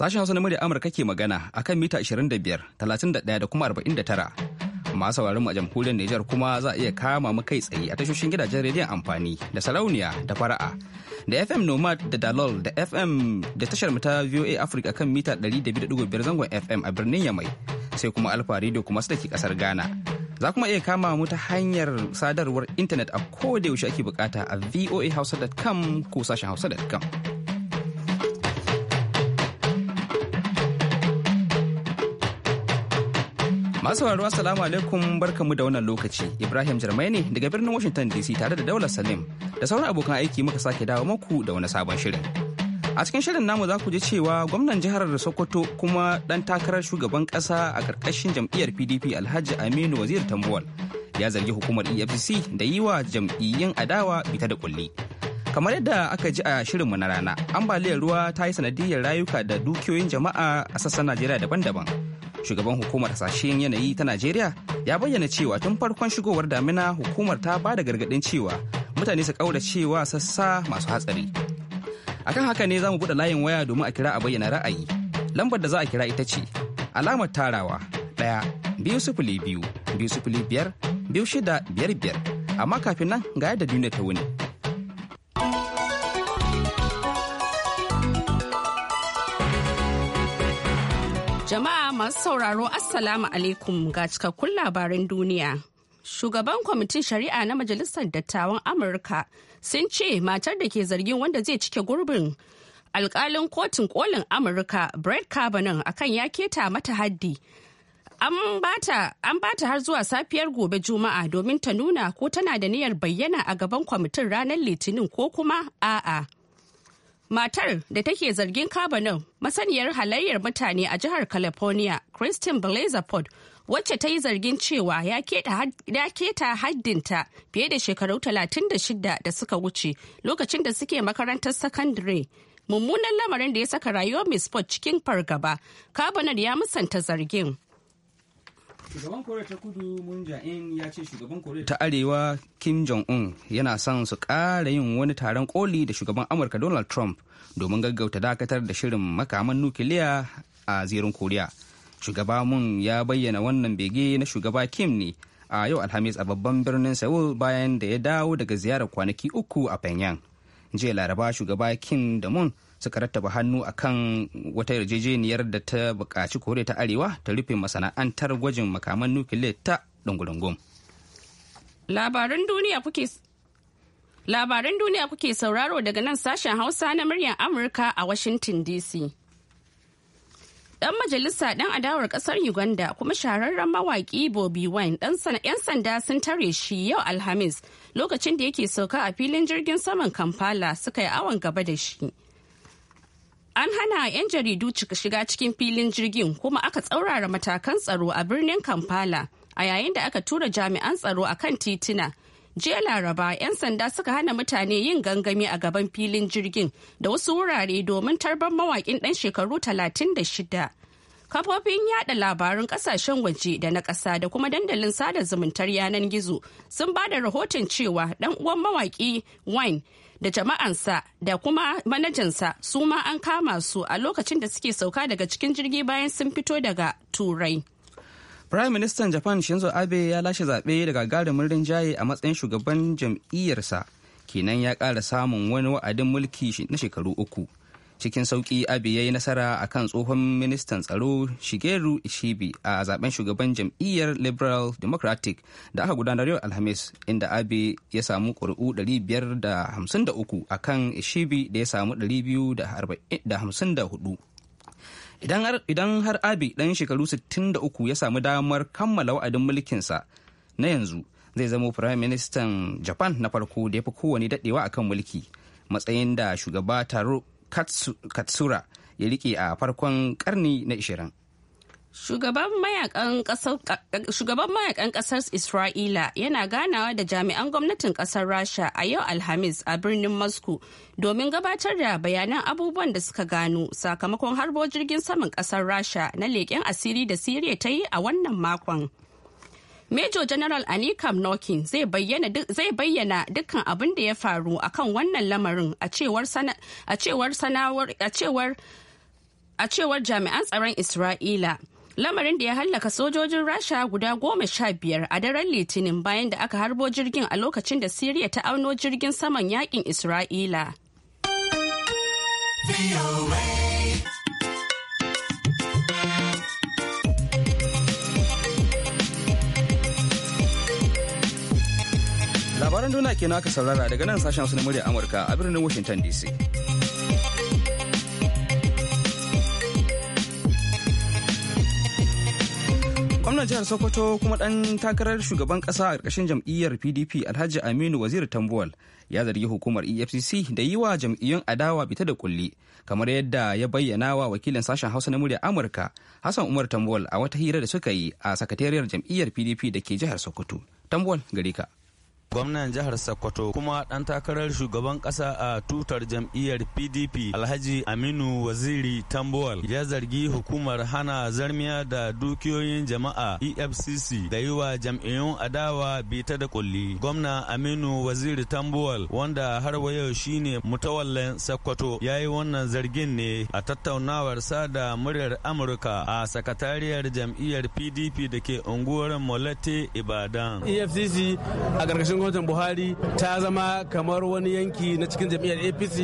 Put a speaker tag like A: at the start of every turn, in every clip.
A: Sashen Hausa na murya Amurka ke magana a kan mita 25, 31 da kuma 49. Masu sauraron a jamhuriyar Nijar kuma za a iya kama mu kai tsaye a tashoshin gidajen rediyon amfani da sarauniya da fara'a da FM Nomad da Dalol da FM da tashar ta VOA Africa kan mita 200.5 zangon FM a birnin Yamai sai kuma Alfa Radio kuma su da ke kasar Ghana. Za kuma iya kama mu ta hanyar sadarwar intanet a da yaushe ake bukata a voahausa.com ko sashen hausa.com. Masu sauraro salamu alaikum barkamu da wannan lokaci. Ibrahim Jarmai ne daga birnin Washington DC tare da Daular Salim da sauran abokan aiki muka sake dawo maku da wani sabon shirin. A cikin shirin namu za ku ji cewa gwamnan jihar Sokoto kuma dan takarar shugaban kasa a karkashin jam'iyyar PDP Alhaji Aminu Wazir Tambuwal ya zargi hukumar EFCC da yi wa jam'iyyun adawa fita da kulli. kamar yadda aka ji a shirin mu na rana ambaliyar ruwa ta yi sanadiyar rayuka da dukiyoyin jama'a a sassan najeriya daban-daban shugaban hukumar hasashen yanayi ta najeriya ya bayyana cewa tun farkon shigowar damina hukumar ta ba da gargaɗin cewa mutane su kaura cewa sassa masu hatsari akan haka ne za mu buɗe layin waya domin a kira a bayyana ra'ayi lambar da za a kira ita ce alamar tarawa ɗaya biyu sifili biyu biyu sifili biyar biyu shida biyar biyar amma kafin nan ga yadda duniya ta wuni
B: jama'a masu sauraro Assalamu alaikum ga cikakkun labaran duniya. Shugaban kwamitin shari'a na Majalisar Dattawan Amurka sun ce matar da ke zargin wanda zai cike gurbin alkalin kotun kolin Amurka Brett Kavanaugh akan ya keta mata haddi. An ba ta har zuwa safiyar gobe Juma'a domin ta nuna ko tana da niyyar bayyana a gaban kwamitin ranar Litinin ko kuma a'a. Matar da take zargin kabanin masaniyar halayyar mutane a jihar California, Christine Blasey Ford, wacce ta yi zargin cewa ya keta haddinta fiye da shekaru 36 da suka wuce lokacin da suke makarantar secondary. Mummunan lamarin da ya saka rayuwar Miss Ford cikin fargaba, Kavanaugh ya musanta zargin.
A: ta arewa kim jong un yana son su kara yin wani taron koli da shugaban amurka donald trump domin gaggauta dakatar da shirin makaman nukiliya a zirin koriya shugaba mun ya bayyana wannan bege na shugaba kim ne a yau alhamis a babban birnin seoul bayan da ya dawo daga ziyarar kwanaki uku a pyongyang jiya laraba shugaba kim da mun suka rattaba hannu akan wata yarjejeniyar da ta buƙaci koriya ta arewa ta rufe masana'antar gwajin makaman nukiliya ta dungudungum
B: labaran duniya kuke duniya kuke sauraro daga nan sashen hausa na muryar amurka a washington dc Dan majalisa dan adawar kasar Uganda kuma shahararren mawaki Bobi Wine dan yan sanda sun tare shi yau Alhamis lokacin da yake sauka a filin jirgin saman Kampala suka yi awon gaba da shi. An hana 'yan jaridu shiga cikin filin jirgin kuma aka tsaurara matakan tsaro a birnin Kampala a yayin da aka tura jami'an tsaro akan kan titina jiya laraba 'yan sanda suka hana mutane yin gangami a gaban filin jirgin da wasu wurare domin tarban mawakin ɗan shekaru 36 kafofin yada labarun kasashen waje da na ƙasa da kuma dandalin sada zumuntar yanar gizo sun ba da rahoton cewa ɗan uwan mawaki wine da jama'ansa da kuma manajansa su ma an kama su a lokacin da suke sauka daga cikin jirgi bayan sun fito daga turai
A: Prime Minister Japan Shinzo Abe ya lashe zaɓe da gagarumin rinjaye a matsayin shugaban jam'iyyarsa kenan ya ƙara samun wani wa'adin mulki na shekaru uku. Cikin sauƙi Abe ya yi nasara a kan tsohon ministan tsaro Shigeru Ishibi a zaben shugaban jam'iyyar Liberal Democratic da aka gudanar yau Alhamis inda Abe ya samu ƙuri'u 553 a kan Ishibi da ya samu 254. idan har abi ɗan shekaru 63 ya samu damar kammala wa'adin mulkinsa na yanzu zai zama prime minister japan na farko da ya fi kowane dadewa akan mulki matsayin da shugaba taro katsura ya riƙe a farkon karni na 20
B: Shugaban mayakan kasar Isra'ila yana ganawa da jami'an gwamnatin kasar Rasha a yau Alhamis a birnin Moscow domin gabatar da bayanan abubuwan da suka gano sakamakon harbo jirgin saman kasar Rasha na leƙen asiri da Siriya ta yi a wannan makon. Major General Anikam Nokin zai bayyana dukkan abin da ya faru a kan wannan lamarin a cewar jami'an tsaron Isra'ila. lamarin da ya hallaka sojojin rasha guda goma sha biyar a daren litinin bayan da aka harbo jirgin a lokacin da siriya ta auno jirgin saman yakin isra'ila
A: labaran duna kenan aka saurara daga nan sashen su na murya amurka a birnin washington dc gwamnan jihar sokoto kuma dan takarar shugaban kasa a ƙarƙashin jam'iyyar pdp alhaji aminu wazir tambuwal ya zargi hukumar efcc da yi wa jam'iyyun adawa bita da kulli kamar yadda ya bayyana wa wakilin sashen hausa na murya amurka hassan umar tambuwal a wata hira da suka yi a sakatariyar jam'iyyar pdp da ke jihar sokoto tambuwal gare ka
C: gwamnan jihar Sokoto kuma ɗan takarar shugaban ƙasa a tutar jam'iyyar PDP Alhaji Aminu Waziri Tambuwal ya zargi hukumar hana zarmiya da dukiyoyin jama'a EFCC da yi wa jam'iyyun adawa bita da kulli. Gwamna Aminu Waziri Tambuwal wanda har wa yau shine mutawallan Sokoto ya yi wannan zargin ne a tattaunawar da muryar Amurka a sakatariyar jam'iyyar PDP da ke unguwar Molete Ibadan.
D: EFCC a ƙarƙashin gwamnatin buhari ta zama kamar wani yanki na cikin jam'iyyar apc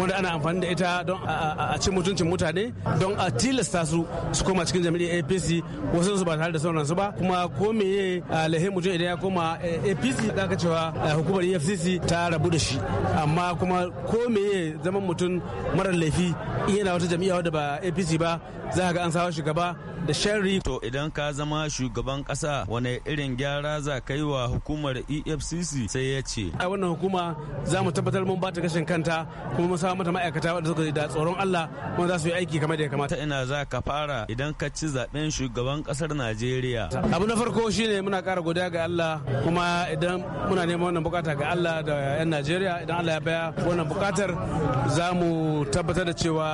D: wanda ana amfani da ita don a ci mutuncin mutane don a tilasta su su koma cikin jam'iyyar apc wasu su ba tare da sauran su ba kuma ko meye lahe mutum idan ya koma e, apc da aka cewa e, hukumar efcc ta rabu da shi amma kuma ko meye zaman mutum
C: mara laifi yana wata jam'iyya wadda ba apc ba za ka ga an sawa shi gaba da sharri to idan ka zama shugaban kasa wani irin gyara za ka yi wa hukumar efcc sai ya ce
D: a wannan hukuma za mu tabbatar mun bata gashin kanta kuma mun samu mata ma'aikata
C: wanda suka da tsoron allah kuma za su yi aiki kamar da ya kamata ina za ka fara idan ka ci zaben shugaban kasar najeriya
D: abu na farko shine muna kara godiya ga allah kuma idan muna neman wannan bukata ga allah da yan najeriya idan allah ya baya wannan bukatar za mu tabbatar da cewa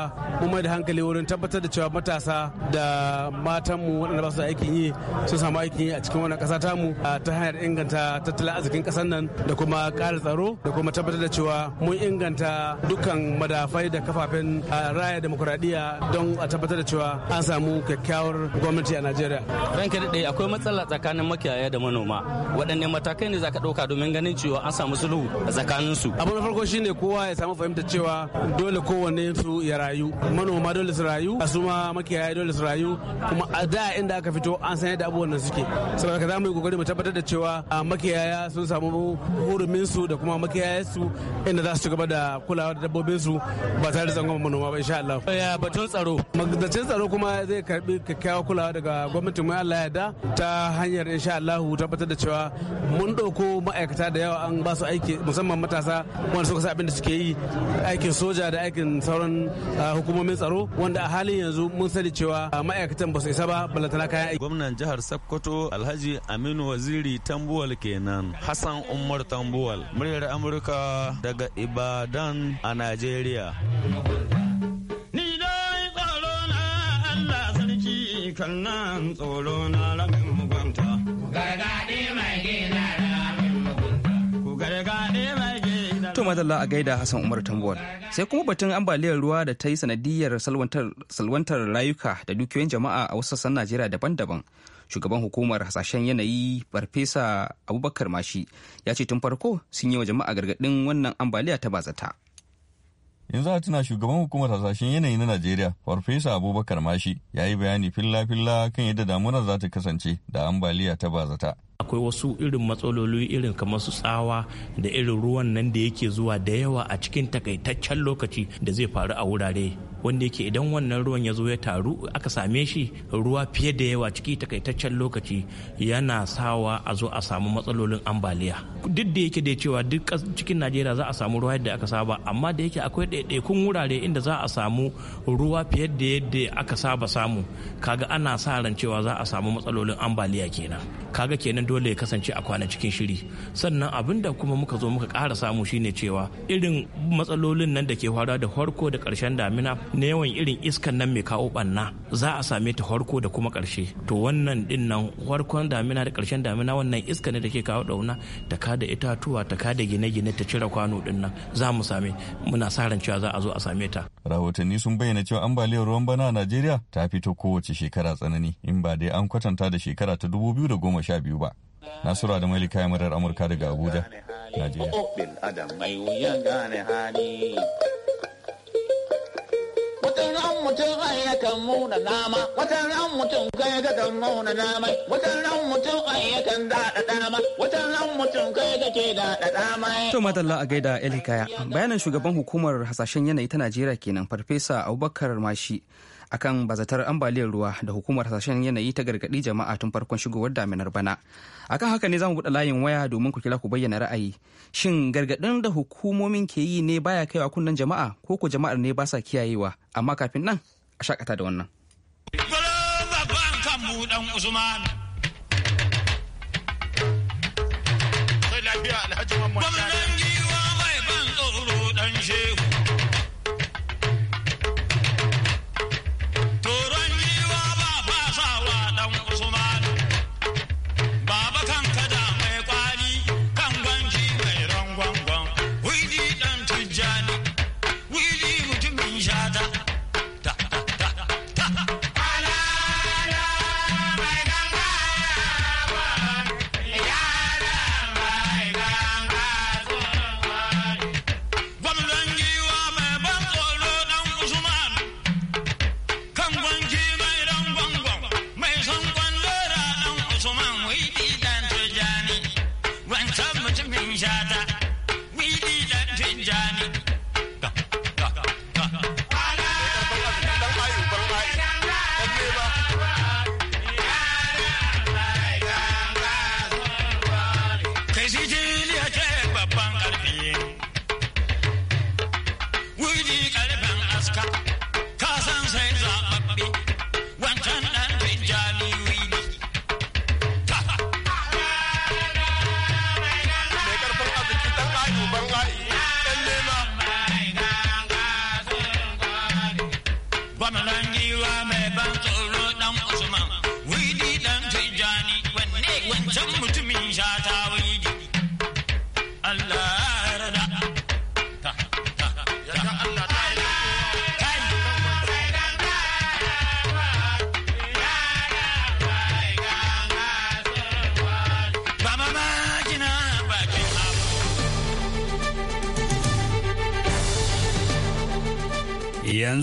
D: mun mai da hankali wurin tabbatar da cewa matasa da matanmu waɗanda ba su da aikin yi sun samu aikin yi a cikin wannan ƙasa tamu ta hanyar inganta tattalin arzikin ƙasar nan da kuma ƙara tsaro da kuma tabbatar da cewa mun inganta dukkan madafai da kafafen raya demokuraɗiyya don a tabbatar da cewa an samu kyakkyawar gwamnati a
C: Najeriya. Ranka daɗe akwai matsala tsakanin makiyaya da manoma waɗanne matakai ne za ka ɗauka domin ganin cewa an samu sulhu a
D: tsakaninsu. Abu na farko shine kowa ya samu fahimtar cewa dole kowanne su ya rayu manoma dole su rayu a makiyaya dole su rayu kuma a da inda aka fito an san yadda abubuwan nan suke saboda haka za mu yi kokari mu tabbatar da cewa makiyaya sun samu hurumin su da kuma makiyaya su inda za su ci gaba da kulawa da dabbobin su ba tare da zangon manoma ba insha Allah ya batun tsaro magdacin tsaro kuma zai karbi kyakkyawar kulawa daga gwamnatin mu Allah ya da ta hanyar insha Allah tabbatar da cewa mun dauko ma'aikata da yawa an ba su aiki musamman matasa wanda suka sa abin da suke yi aikin soja da aikin sauran hukumomin tsaro wanda a halin yanzu mun sani cewa ma'aikatan ba su isa ba
C: kaya aiki. Gwamnan jihar Sokoto Alhaji Aminu Waziri Tambuwal kenan Hassan Umar Tambuwal muryar Amurka daga Ibadan a Najeriya.
E: Ni dai tsoro na Allah sarki kan nan tsoro na
A: To madalla a gaida Hassan Umar Tambuwal. Sai kuma batun ambaliyar ruwa da ta yi sanadiyar salwantar rayuka da dukiyoyin jama'a a wasu sassan Najeriya daban-daban. Shugaban hukumar hasashen yanayi Farfesa Abubakar Mashi ya ce tun farko sun yi wa jama'a gargaɗin wannan ambaliya ta bazata.
C: yanzu a tuna shugaban hukumar hasashen yanayi na najeriya farfesa abubakar mashi ya yi bayani filla-filla kan yadda damuna za ta kasance da ambaliya ta bazata
F: akwai wasu irin matsaloli irin kamar su tsawa da irin ruwan nan da yake zuwa da yawa a cikin takaitaccen lokaci da zai faru a wurare wanda yake idan wannan ruwan ya zo ya taru aka same shi ruwa fiye da yawa ciki takaitaccen lokaci yana sawa a zo a samu matsalolin ambaliya duk da yake da cewa duk cikin najeriya za a samu ruwa yadda aka saba amma da yake akwai ɗaiɗaikun wurare inda za a samu ruwa fiye da yadda aka saba samu kaga ana sa ran cewa za a samu matsalolin ambaliya kenan kaga kenan dole ya kasance a kwana cikin shiri sannan abin da kuma muka zo muka ƙara samu shine cewa irin matsalolin nan da ke faruwa da harko da ƙarshen damina na yawan irin iskan nan mai kawo banna za a same ta harko da kuma ƙarshe to wannan din nan harkon damina da ƙarshen damina wannan iska ne da ke kawo dauna ta kada itatuwa ta kada gine-gine ta cire kwano din nan za mu same muna sa ran cewa za a zo a same ta
C: rahotanni sun bayyana cewa ambaliyar ruwan bana a Najeriya ta fito kowace shekara tsanani in ba dai an kwatanta da shekara ta 2012 ba Nasura da mai likaya murar Amurka daga Abuja, Najeriya.
E: Watan ran mutum ai ya kan nama, watan ran mutum kai ga kan nama, mutum dama, ran mutum kai ga ke dama.
A: a gaida El Hikaya, bayanin shugaban hukumar hasashen yanayi ta Najeriya kenan Farfesa Abubakar Mashi. akan bazatar ambaliyar ruwa da hukumar hasashen yanayi ta gargaɗi jama'a tun farkon shigowar daminar bana akan haka ne za mu buɗe layin waya domin ku kira ku bayyana ra'ayi shin gargaɗin da hukumomin ke yi ne baya kaiwa kunnen jama'a ko ku jama'ar ne ba sa kiyayewa amma kafin nan a shakata da wannan.
E: Gwamnan giwa mai ban tsoro ɗan shehu.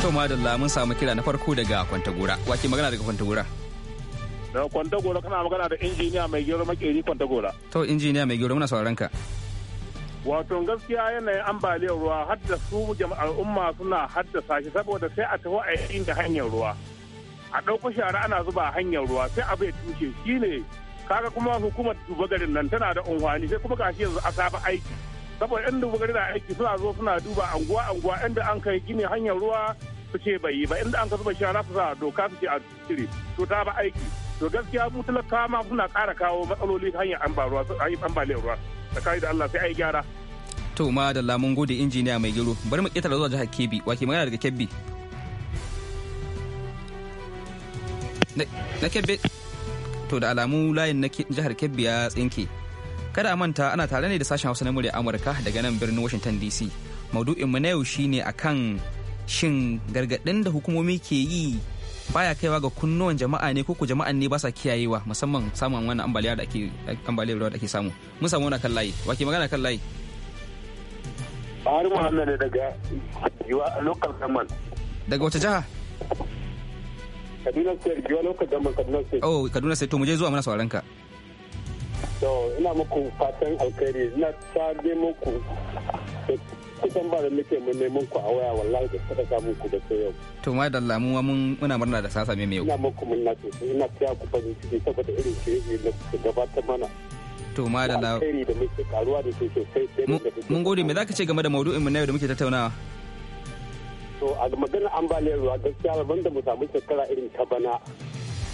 A: To da mun samu kira na farko daga Kwantagora. Wake magana daga Kwantagora.
G: Daga Kwantagora kana magana da injiniya mai gero makeri Kwantagora.
A: To injiniya mai gero muna sauraron ka.
G: Wato gaskiya yanayin ambaliyar ruwa har da su umma suna haddasa shi saboda sai a taho a yi da hanyar ruwa. A ɗauko shara ana zuba hanyar ruwa sai abu ya tushe shi ne kaga kuma hukumar duba garin nan tana da unhwani sai kuma gashi yanzu a saba aiki. saboda yan dubu gari na aiki suna zo suna duba anguwa anguwa inda an kai gini hanyar ruwa su ce bai yi ba inda an ka zuba shara su sa doka su ce a cire to ta ba aiki to gaskiya mu talakawa ma suna ƙara kawo matsaloli hanyar ambaliyar ruwa tsakani da Allah sai ai gyara
A: to ma da lamun gode injiniya mai gero bari mu ketara zuwa jihar Kebbi wa ke magana daga Kebbi na Kebbi to da alamu layin na jihar Kebbi ya tsinke Kada a manta ana tare ne da sashen Hausa na murya Amurka daga nan birnin Washington DC. Maudu'in mu na yau shine akan shin gargaɗin da hukumomi ke yi baya kaiwa ga kunnuwan jama'a ne koko jama'an ne ba sa kiyayewa musamman samun wannan ambaliyar da ake ambaliyar da ake samu mun samu wani kan layi wake magana kan layi
H: Ari Muhammad daga
G: a local government daga wace jiha Kaduna State Kaduna State
A: oh Kaduna State to mu je zuwa mana sauraron ka
G: to ina muku fatan alkhairi na ta muku kusan ba da muke mun neman ku a waya wallahi da kada samun ku da yau.
A: To ma da lamu mun muna murna da sasa mai
G: yau. Ina muku murna sosai ina taya ku farin ciki saboda irin shirye da ku gabatar mana. To ma da la. da muke karuwa da su sosai.
A: Mun gode me zaka ce game da maudu'in mu na yau da muke tattaunawa?
G: To a maganar ambaliyar ruwa gaskiya ban da mu samu shekara irin ta bana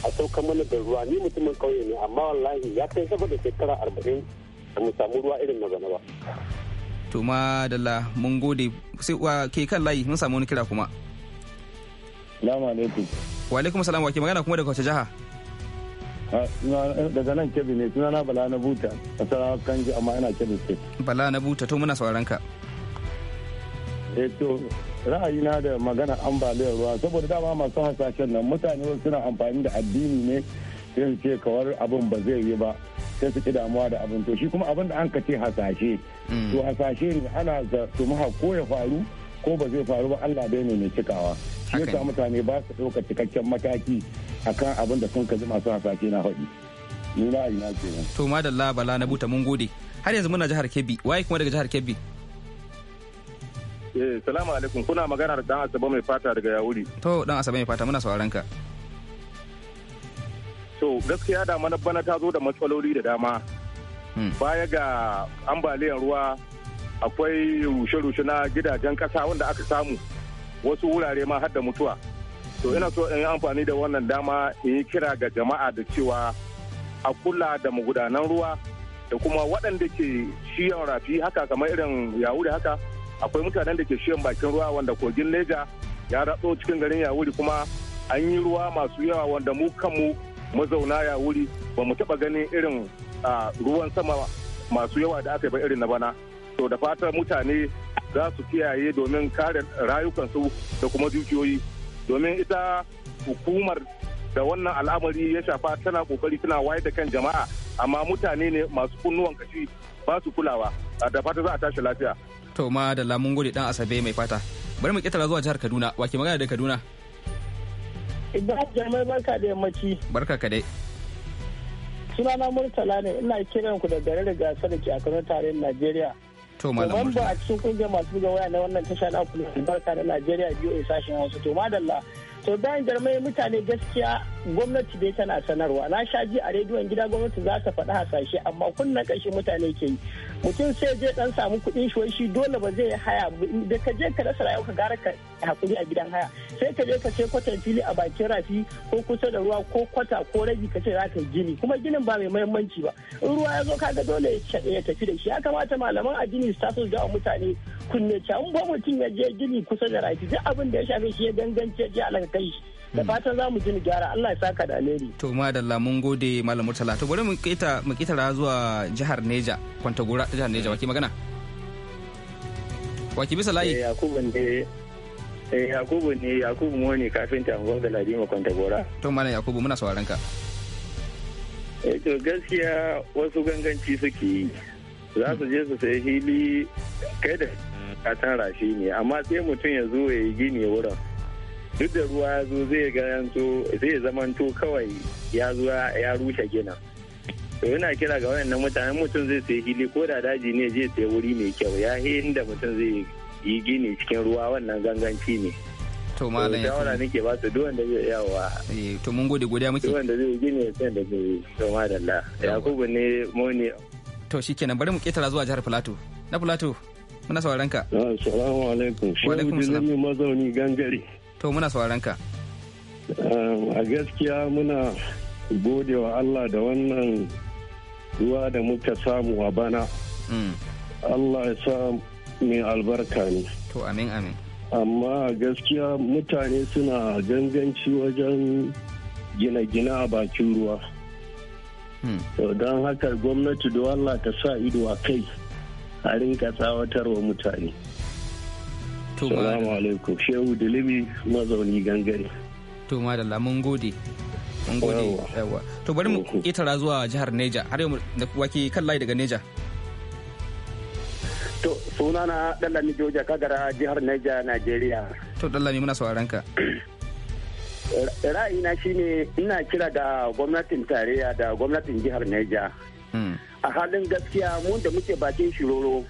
G: a sauka mana da ruwa ni mutumin kauye ne amma wallahi ya kai da shekara arba'in da mu samu ruwa irin na bana ba.
A: to ma dalla mun gode sai wa ke kan layi mun samu wani kira kuma.
H: salamu
G: alaikum. wa alaikum salam wa ke magana
A: kuma daga wace jiha.
G: Ah, eh, daga nan kebi ne sunana bala na buta a kan kanji amma ina kebi ce.
A: bala na buta to muna sauran ka.
G: eh to ra'ayina da magana ambaliyar ruwa saboda dama masu hasashen nan mutane wasu suna amfani da addini ne sai su ce kawar abin ba zai yi ba sai su ki damuwa da abin to shi kuma abin da an ka ce hasashe to mm. hasashe ne ana da tumaha ko ya faru ko ba zai faru ba Allah dai ne mai cikawa shi yasa mutane ba su ɗauka cikakken mataki akan abin da sun kaji masu hasashe na faɗi ni ra'ayina kenan
A: to madalla bala na buta mun gode har yanzu muna jihar Kebbi waye kuma daga jihar Kebbi
G: Eh, salamu alaikum kuna magana da dan Asabe mai fata daga Yawuri.
A: To dan Asabe mai fata muna sauraron ka.
G: To gaskiya da mana bana ta zo da matsaloli da dama. Hmm. Baya ga ambaliyar ruwa akwai rushe-rushe na gidajen kasa wanda aka samu wasu wurare ma har da mutuwa. To ina so in yi amfani da wannan dama in yi kira ga jama'a da cewa a kula da magudanan ruwa da kuma waɗanda ke shiyan rafi haka kamar irin yawuri haka akwai mutanen da ke shiyan bakin ruwa wanda kogin neja ya ratso cikin garin yawuri kuma an yi ruwa masu yawa wanda mu kanmu mazauna yawuri ba mu taɓa ganin irin ruwan sama masu yawa da aka yi ba irin na bana to da fatan mutane za su kiyaye domin kare rayukansu da kuma dukiyoyi domin ita hukumar da wannan al'amari ya shafa tana kokari tana wayar da kan jama'a amma mutane ne masu kunnuwan kashi ba su kulawa da fata za a tashi lafiya
A: to da lamun gode dan asabe mai fata bari mu kitara zuwa jihar kaduna wa ke magana da kaduna
H: ibrahim jamai barka da yammaci barka ka dai sunana murtala ne ina kiran ku da gare da gasa da ke a kano tarayyar najeriya to malam murtala a cikin kungiyar masu buga waya na wannan tasha na kula barka da najeriya biyu a sashen hausa to madalla to bayan jarmai mutane gaskiya gwamnati dai tana sanarwa na sha ji a rediyon gida gwamnati za ta faɗi hasashe amma kunna ƙashi mutane ke yi mutum sai je dan samu kuɗin shi shi dole ba zai haya da ka je ka rasa rayuwa ka gara ka hakuri a gidan haya sai ka je ka ce kwatan fili a bakin rafi ko kusa da ruwa ko kwata ko rabi ka ce za ka gini kuma ginin ba mai muhimmanci ba in ruwa ya zo kaga dole ya tafi da shi ya kamata malaman addini su taso da mutane kunne can ba mutum ya je gini kusa da rafi duk abin da ya shafe shi ya dangance ya je alaka kai da hmm. fatan za mu ji gyara Allah ya saka da alheri
A: to madalla mun gode malam murtala to bari mu kita mu kitara zuwa jihar Neja Kwantagora jihar Neja waki magana waki
H: bisa layi eh, eh, Yakubu ne Yakubu ne Yakubu mu ne kafin mu da Ladima Kwantagora
A: to malam Yakubu muna sauraron ka
G: eh to gaskiya wasu ganganci suke yi za su je su sayi hili kai da ka tara shi ne amma sai mutum ya zo ya yi gini wurin duk da ruwa ya zo zai garanto zai
H: zamanto kawai ya zo ya rushe gina to yana kira ga wayannan mutanen mutum zai sai hili ko da daji ne zai sai wuri mai kyau ya inda mutum zai yi gini cikin ruwa wannan ganganci ne to malam ya shawara nake ba su duk wanda zai yawa eh to mun gode godiya muke duk wanda zai gini sai da zai to madalla yakubu ne mu ne
A: to shikenan bari mu ketara zuwa jihar plateau na plateau muna sauraron ka assalamu alaikum shi ne
G: mazauni gangare
A: to muna sauraron ka
G: ehm, a gaskiya muna gode wa Allah da wannan ruwa da muka samu a bana mm. Allah ya sa mai albarka ne to amin amin amma gaskiya mutane suna ganganci wajen
H: gina-gina a bakin ruwa hmm. don haka gwamnati da Allah ta sa ido a kai a rinka tsawatarwa mutane Salamu alaikum Shehu Dilimi mazauni gangare.
A: To madalla mun gode. Mun gode yawa. To bari mu
H: ƙetara zuwa
A: jihar Neja har yau da waki kan layi daga Neja.
H: To sunana Dallami Joja Kagara jihar Neja Najeriya.
A: To Dallami muna sauraron ka.
H: Ra'ayina shine ina kira da gwamnatin tarayya da gwamnatin jihar Neja. Hmm. A halin gaskiya mun da muke bakin shiroro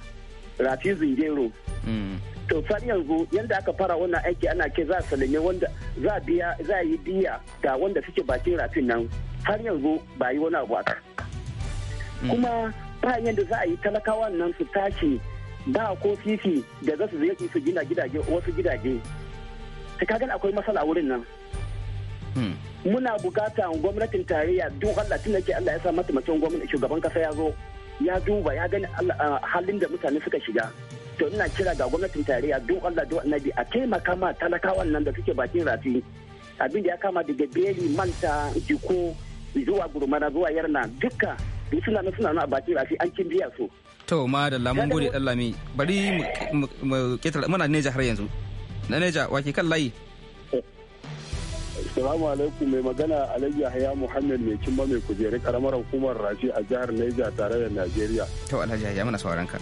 H: Rafi Zingero. Hmm. to san yanzu yadda aka fara wannan aiki ana ke za a salame wanda za biya yi biya ga wanda suke bakin rafin nan har yanzu ba yi wani abu aka mm. kuma ba yanda za a yi talakawa nan su tashi ba ko fifi da za su zai su gina gidaje wasu gidaje ta kagan akwai matsala wurin nan mm. muna bukata gwamnatin tarayya duk Allah tun ke Allah ya sa mataimakin gwamnati shugaban kasa ya zo ya duba ya gani ah, halin da mutane suka shiga to ina kira ga gwamnatin tarayya duk Allah duk annabi a taimaka ma talakawan nan da suke bakin rafi abin da ya kama daga beli manta jiko zuwa gurmana zuwa yarna duka suna nan suna nan a bakin rafi an kin biya su
A: to ma da lamun gode dan lami bari mu ketara muna neja har yanzu na neja wake kan layi
G: Assalamu alaikum mai magana Alayya Haya Muhammad mai cimma mai kujeru karamar hukumar Rafi a jihar Niger tare da Najeriya.
A: To Alhaji mana muna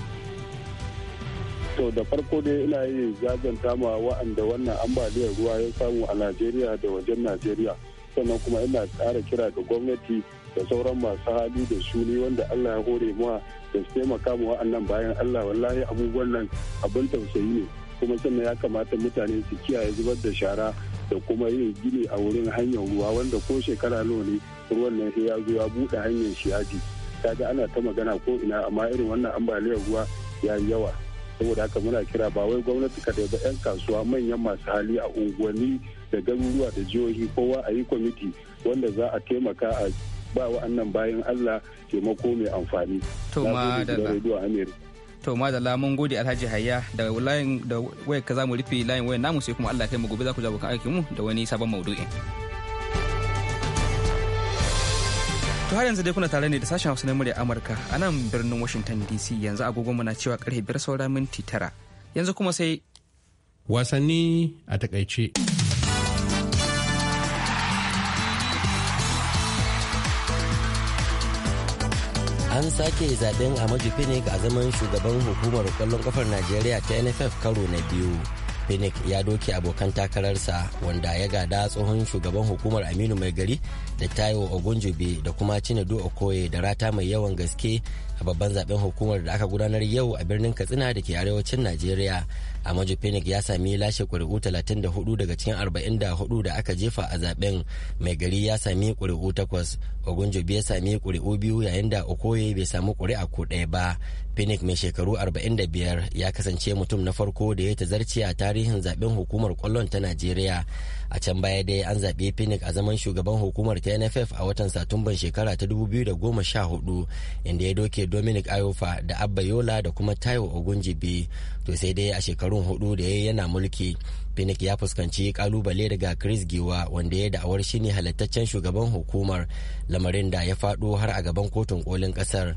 G: to da farko dai ina yi jajanta ma wa'anda wannan ambaliyar ruwa ya samu a najeriya da wajen najeriya sannan kuma ina kara kira ga gwamnati da sauran masu hali da suni wanda allah ya hore muwa da su taimaka ma wa'annan bayan allah wallahi abubuwan nan abin tausayi ne kuma sannan ya kamata mutane su kiyaye zubar da shara da kuma yin gini a wurin hanyar ruwa wanda ko shekara nawa ne ruwan nan ya zo ya buɗe hanyar shi yaji kaga ana ta magana ko ina amma irin wannan ambaliyar ruwa ya yi yawa saboda haka muna kira ba wai gwamnati kadai ba 'yan kasuwa manyan masu hali a unguwanni da garuruwa da jihohi kowa a yi kwamiti wanda za a taimaka a ba wa'annan bayan Allah taimako mai amfani. To
A: to ma da la mun gode alhaji hayya da layin da ka za rufe layin wayar namu sai kuma allah kai mu gobe za ku jawo kan aikin mu da wani sabon maudu'in. To har yanzu dai kuna tare ne da sashen Hausa na murya Amurka a nan birnin Washington DC yanzu agogon muna cewa karfe biyar saura minti tara. Yanzu kuma sai
I: wasanni a takaice. An sake zaɓen a Phoenix a zaman shugaban hukumar kwallon kafar Najeriya ta NFF karo na biyu. Phoenix ya doke abokan takararsa wanda ya gada tsohon shugaban hukumar Aminu Mai Gari da Taiwo Ogunjobi da kuma Chinedu Okoye da rata mai yawan gaske a babban zaben hukumar da aka gudanar yau a birnin Katsina da ke arewacin Najeriya. Amaju Phoenix ya sami lashe ƙuri'u 34 daga cikin 44 da aka jefa a zaben mai gari ya sami ƙuri'u 8 Ogunjobi ya sami ƙuri'u biyu yayin da Okoye bai samu ƙuri'a ko ɗaya ba. Pinnick mai shekaru 45 ya kasance mutum na farko da ya tazarci a tarihin zaben hukumar kwallon ta Najeriya. A can baya dai an zaɓi Pinnick a zaman shugaban hukumar ta NFF a watan Satumban shekara ta 2014 inda ya doke Dominic Ayofa da Abba Yola da kuma Taiwo Ogunjibi. To sai dai a shekarun hudu da ya yana mulki Pinnick ya fuskanci kalubale daga Chris Giwa wanda ya da'awar shi ne halittaccen shugaban hukumar lamarin da ya faɗo har a gaban kotun kolin ƙasar.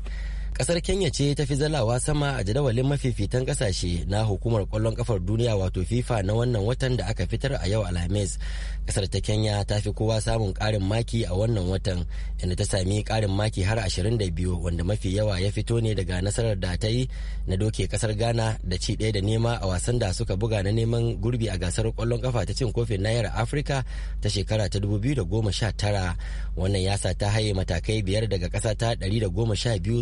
I: kasar kenya ce ta fi zalawa sama a jadawalin mafifitan kasashe na hukumar kwallon kafar duniya wato fifa na wannan watan da aka fitar a yau alhamis kasar ta kenya ta fi kowa samun karin maki a wannan watan inda ta sami karin maki har 22 wanda mafi yawa ya fito ne daga nasarar da ta yi na doke kasar ghana da ci daya da nema a wasan da suka buga na neman gurbi a gasar kwallon kafa ta cin kofin nayar afirka ta shekara ta 2019 wannan ya sa ta haye matakai biyar daga ƙasa ta 112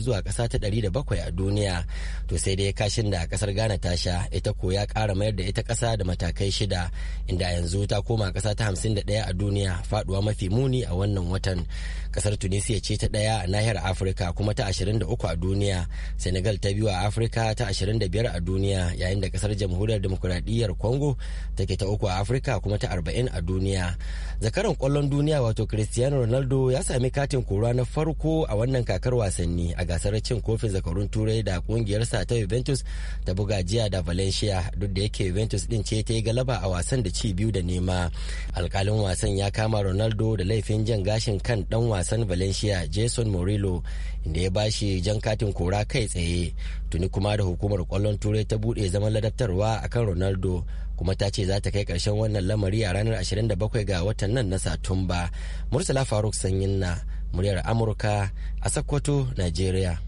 I: zuwa ƙasa ƙasa ta 700 a duniya to sai dai kashin da kasar ghana ta sha ita ko ya kara mayar da ita kasa da matakai shida inda yanzu ta koma kasa ta 51 a duniya faduwa mafi muni a wannan watan ƙasar tunisia ce ta ɗaya a nahiyar afirka kuma ta 23 a duniya senegal ta biyu a afirka ta 25 a duniya yayin da kasar jamhuriyar demokuraɗiyyar congo take ta uku a afirka kuma ta 40 a duniya zakaran kwallon duniya wato cristiano ronaldo ya sami katin kora na farko a wannan kakar wasanni a gasar cin kofin zakarun turai da kungiyarsa ta juventus ta buga jiya da valencia duk da yake juventus din ce ta yi galaba a wasan da ci biyu da nema alkalin wasan ya kama ronaldo da laifin jan gashin kan dan wasan valencia jason morillo inda ya bashi jan katin kora kai tsaye tuni kuma da hukumar kwallon turai ta bude zaman ladabtarwa akan ronaldo kuma ta ce za ta kai karshen wannan lamari a ranar 27 ga watan nan na satumba mursala faruk sanyin na muryar amurka a sokoto nigeria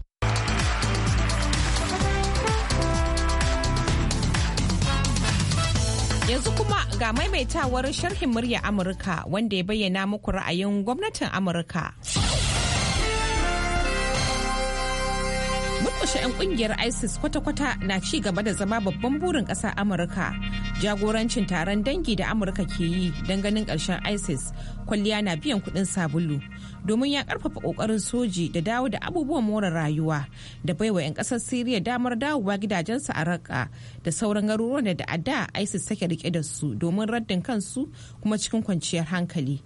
J: Yanzu kuma ga maimaitawar sharhin murya Amurka wanda ya bayyana muku ra'ayin gwamnatin Amurka. Murkushe 'yan kungiyar ISIS kwata-kwata na ci gaba da zama babban burin ƙasar Amurka. Jagorancin taron dangi da Amurka ke yi don ganin ƙarshen ISIS kwalliya na biyan kuɗin sabulu. domin ya karfafa kokarin soji da dawo da abubuwan more rayuwa da baiwa 'yan kasar siriya damar dawowa gidajensu a raka da sauran garuruwan da a da isis take rike da su domin raddin kansu kuma cikin kwanciyar hankali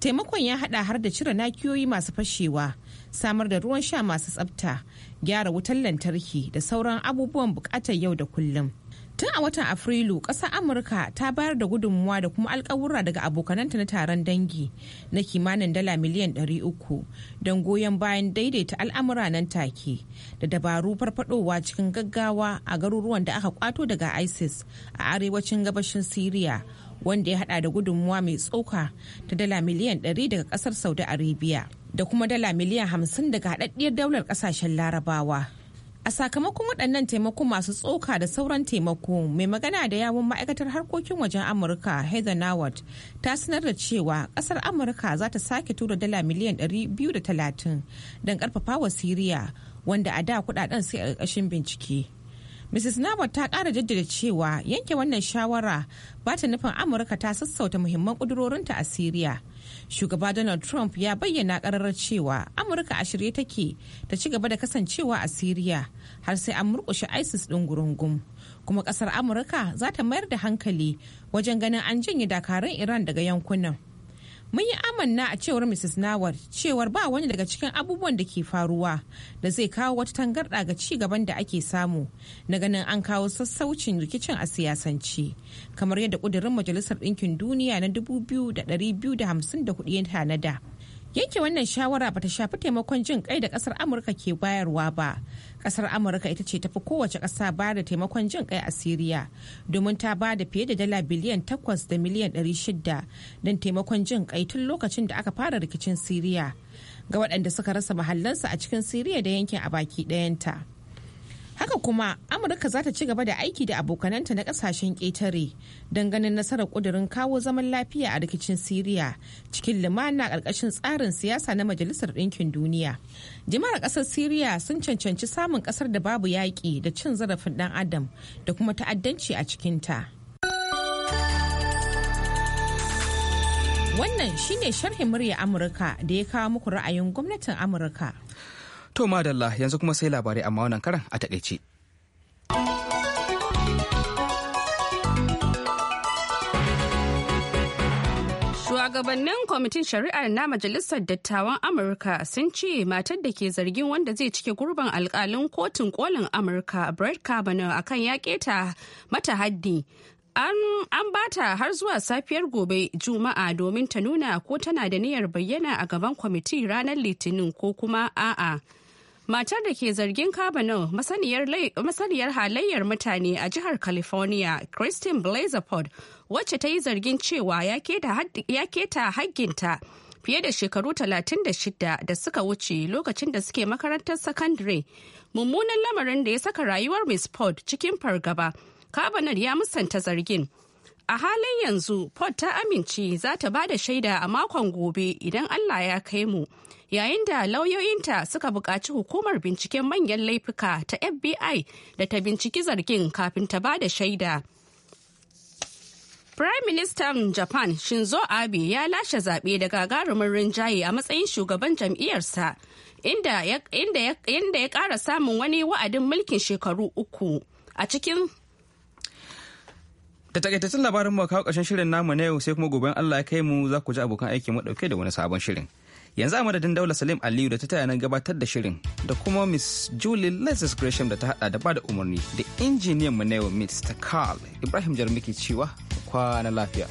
J: taimakon ya hada har da cire nakiyoyi masu fashewa samar da ruwan sha masu tsabta gyara wutan lantarki da sauran abubuwan bukatar yau da kullum. Tun a watan Afrilu, ƙasar Amurka ta bayar da gudunmuwa da kuma alkawura daga abokananta na taron dangi na kimanin dala miliyan 300 don goyon bayan daidaita al'amura nan take da dabaru farfadowa cikin gaggawa a garuruwan da aka kwato daga ISIS a arewacin gabashin Syria wanda ya hada da gudunmuwa mai tsoka ta dala miliyan 100 daga ƙasar Saudi Arabia da kuma dala miliyan 50 daga haɗaɗɗiyar daular ƙasashen Larabawa. A sakamakon waɗannan taimako masu tsoka da sauran taimako mai magana da yawon ma'aikatar harkokin wajen Amurka Heather Nawat ta sanar da cewa ƙasar Amurka za ta sake tura dala miliyan 230 don ƙarfafa wa Siriya wanda a da kudaden sai a ƙarƙashin bincike. Mrs. Nawat ta ƙara jaddada cewa yanke wannan shawara ba ta nufin Amurka ta sassauta muhimman ƙudurorinta a Siriya. shugaba donald trump ya bayyana kararar cewa amurka a shirye take ta ci gaba da kasancewa a syria har sai an murkushe isis ɗin gurungum kuma ƙasar amurka za ta mayar da hankali wajen ganin an janye dakarun iran daga yankunan mun yi amanna a cewar mrs nawar cewar ba wani daga cikin abubuwan da ke faruwa da zai kawo wata tangarɗa ga ci gaban da ake samu na ganin an kawo sassaucin rikicin a siyasance kamar yadda ƙudurin majalisar ɗinkin duniya na da 2254 ya tanada yanke wannan shawara bata shafi taimakon jin kai da ƙasar amurka ke bayarwa ba kasar amurka ita ce tafi kowace ƙasa ba da taimakon jin kai a siriya domin ta ba da fiye da dala biliyan 8 da miliyan 600 don taimakon jin kai tun lokacin da aka fara rikicin siriya ga waɗanda suka rasa mahallansu a cikin siriya da yankin a baki ɗayanta. Haka kuma Amurka za ta ci gaba da aiki da abokananta na kasashen ƙetare don ganin nasarar ƙudurin kawo zaman lafiya a rikicin Siriya cikin lumana ƙarƙashin tsarin siyasa na Majalisar Ɗinkin Duniya. Jama'ar ƙasar Siriya sun cancanci samun ƙasar da babu yaƙi da cin zarafin ɗan adam da kuma ta'addanci a cikinta. Wannan shine sharhin murya Amurka da ya kawo muku ra'ayin gwamnatin Amurka.
A: To madalla yanzu kuma sai labarai amma wannan karan a takaice.
B: Shugabannin kwamitin shari'ar na Majalisar Dattawan Amurka sun ce matar da ke zargin wanda zai cike gurbin alkalin kotun kolin Amurka Brett Kavanaugh akan ya keta mata haddi an ba ta har zuwa safiyar gobe juma'a domin ta nuna ko tana da niyyar bayyana a gaban kwamiti ranar litinin ko kuma a'a. matar da ke zargin kavanaugh masaniyar halayyar mutane a jihar california christine blazerford wacce ta yi zargin cewa ya keta hagginta fiye da shekaru 36 da suka wuce lokacin da suke makarantar sakandare mummunan lamarin da ya saka rayuwar miss ford cikin fargaba kavanaugh ya musanta zargin a halin yanzu ford ta amince za ta ba da shaida a makon gobe idan allah ya kai mu yayin da lauyoyinta suka buƙaci hukumar binciken manyan laifuka ta FBI da ta binciki zargin kafin ta ba da shaida. Prime Minister Japan Shinzo Abe ya lashe zaɓe da gagarumin rinjaye a matsayin shugaban jam'iyyarsa inda ya ƙara samun wani wa'adin mulkin shekaru uku a cikin Da
A: takaitattun labarin mu kawo ƙarshen shirin namu na yau sai kuma goben Allah ya kai mu za ku ji abokan aiki mu dauke da wani sabon shirin. yanzu a madadin daula salim aliyu da ta taya nan gabatar da shirin da kuma miss julie lesis gresham da ta hada da bada umarni da injiniyan mu na yau mr carl ibrahim jarmiki cewa kwana lafiya